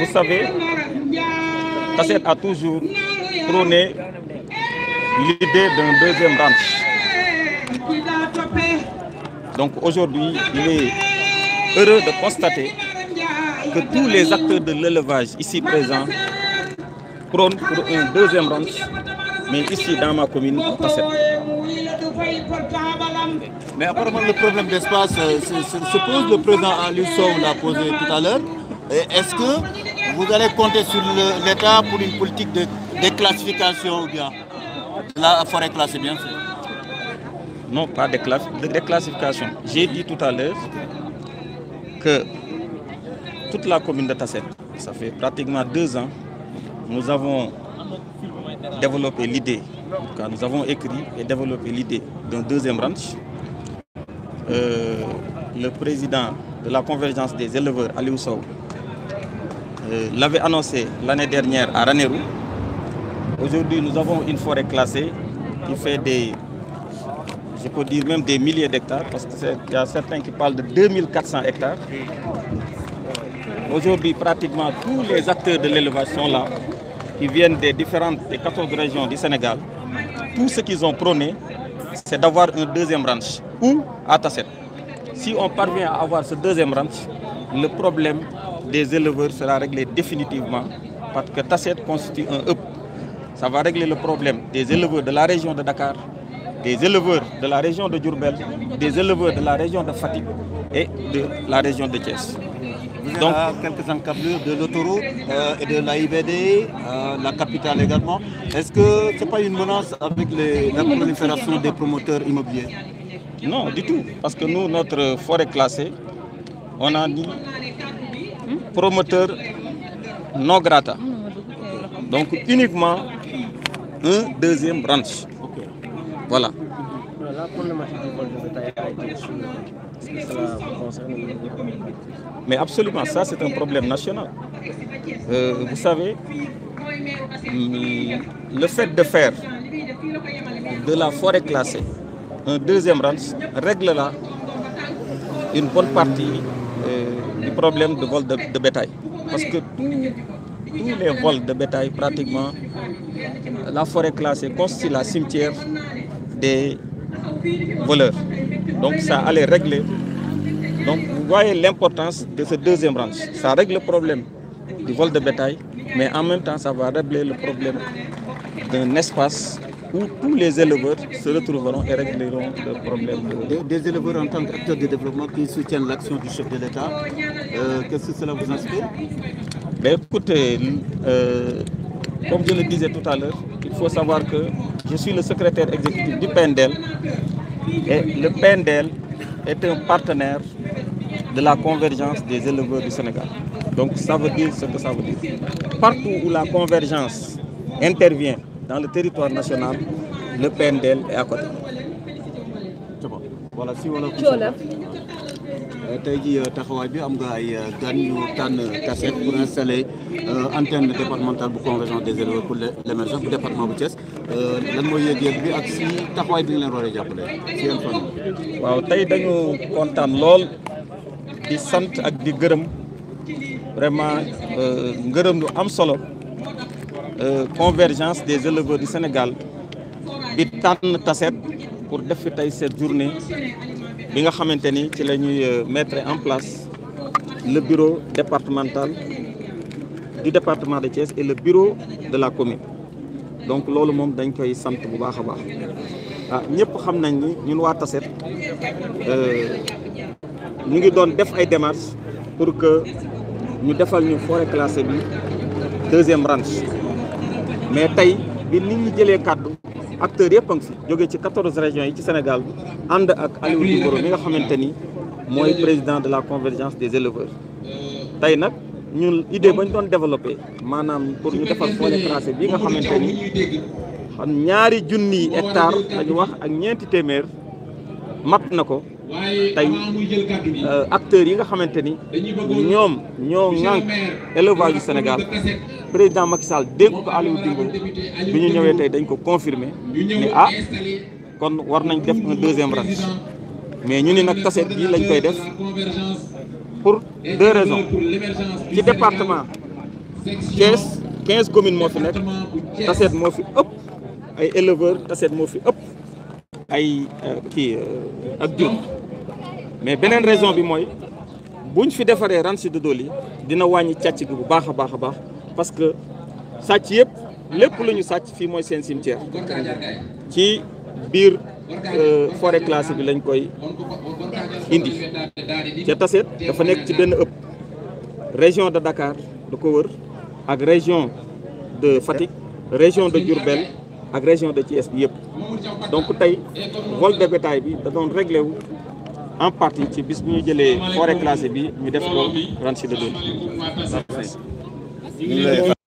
Vous savez, Tassette a toujours prôné l'idée d'un deuxième branche. Donc aujourd'hui, il est heureux de constater que tous les acteurs de l'élevage ici présents prônent pour un deuxième ranch, mais ici dans ma commune, Tassette. Mais apparemment, le problème d'espace euh, se, se, se, pose, le président Alusson l'a posé tout à l'heure. Est-ce que vous allez compter sur l'État pour une politique de déclassification ou bien la forêt classée, Non, pas de déclassification. J'ai dit tout à l'heure que toute la commune de Tasset, ça fait pratiquement deux ans, nous avons développé l'idée, nous avons écrit et développé l'idée d'un deuxième branche. Euh, le président de la convergence des éleveurs, Aliou Sow, euh, l'avait annoncé l'année dernière à Ranerou. Aujourd'hui, nous avons une forêt classée qui fait des, je peux dire même des milliers d'hectares, parce que y a certains qui parlent de 2400 hectares. Aujourd'hui, pratiquement tous les acteurs de l'élevage sont là, qui viennent des différentes, des 14 régions du Sénégal. Tout ce qu'ils ont prôné, c'est d'avoir un deuxième ranch ou à Tasset. Si on parvient à avoir ce deuxième ranch, le problème des éleveurs sera réglé définitivement parce que Tasset constitue un hub. Ça va régler le problème des éleveurs de la région de Dakar, des éleveurs de la région de Djurbel, des éleveurs de la région de Fatigue la région de Thiès. Donc, quelques encablures de l'autoroute euh, et de l'AIBD, euh, la capitale également. Est-ce que ce pas une menace avec les, la des promoteurs immobiliers Non, du Parce que nous, notre forêt classée, on a dit promoteur non grata. Donc uniquement un deuxième branche. Voilà. La Mais absolument, ça c'est un problème national. Euh, vous savez, le fait de faire de la forêt classée un deuxième RANS la une bonne partie euh, du problème de vol de, de bétail. Parce que tous les vols de bétail, pratiquement, la forêt classée constitue la cimetière des voleurs. Donc ça allait régler. Donc vous voyez l'importance de ce deuxième branche. Ça règle le problème du vol de bétail, mais en même temps ça va régler le problème d'un espace où tous les éleveurs se retrouveront et régleront le problème. De... Des, des, éleveurs en tant qu'acteurs de développement qui soutiennent l'action du chef de l'État, euh, qu'est-ce que cela vous inspire Mais Écoutez, euh, comme je le disais tout à l'heure, il faut savoir que je suis le secrétaire exécutif du PNDEL et le PNDEL est un partenaire de la convergence des éleveurs du Sénégal. Donc ça veut dire ce que ça veut dire. Partout où la convergence intervient, dans le territoire national, le PNDL est à côté. Euh, tey jii euh, taxawaay bi am nga ay euh, gan yu tànn kaset pour installer antenne départementale bu convergence des élèves pour l'émergence bu département bu Thiès lan mooy yëg-yëg bi ak si taxawaay bi nga leen war a jàppale si yan fan. waaw tey dañu kontaan lool di sant ak di gërëm vraiment ngërëm lu am solo. Euh, convergence des éleveurs du Sénégal bi tànn Tassette pour def fi tey cette journée bi nga xamante ni ci la ñuy euh, mettre en place le bureau départemental du département de Thiès et le bureau de la commune donc loolu moom dañ koy sant bu baax a baax ah ñëpp xam nañ ni ñun waa Tassette euh, ñu ngi doon def ay démarches pour que ñu defal ñu forêt classée bi deuxième ranch mais tey bi nit ñi jëlee kàddu acteurs yëpp a ngi fi jógee ci 14 régions yi ci Sénégal ànd ak Aliou Diboro mi nga xamante ni mooy président de la convergence des éleveurs tey nag ñun idée bañ doon développé maanaam pour ñu defar forêt classée bi nga xamante ni xam ñaari junniy hectares lañu wax ak ñeenti téeméer mat na ko tey euh, acteurs yi nga xamante ni ñoom ñoo ŋànk élevage du Sénégal président Macky Sall dénk ko Aliou Dembo bi ñu ñëwee tey dañ ko confirmé ni ah kon war nañ def un deuxième ratch mais ñu ni nag taset bi lañ koy def pour deux raisons ci département Thiès quinze communes moo fi nekk taset moo fi ëpp ay éleveurs taset moo fi ëpp ay euh, kii euh, ak jur mais beneen raison bi mooy buñ fi defaree Ranch de Dolly dina wàññi càcc gi bu baax a baax a baax parce que sàcc yëpp lépp lu ñu sàcc fii mooy seen cimetière ci biir euh, forêt classée bi lañ koy indi ca Tassette dafa nekk ci benn ëpp région de Dakar da ko wër ak région de Fatick région de Diourbel ak région de Thiès bi yëpp donc tey vol de bi da doon réglé wu en partie ci bis bu ñu jëlee forêt bi ñu def ko ranch de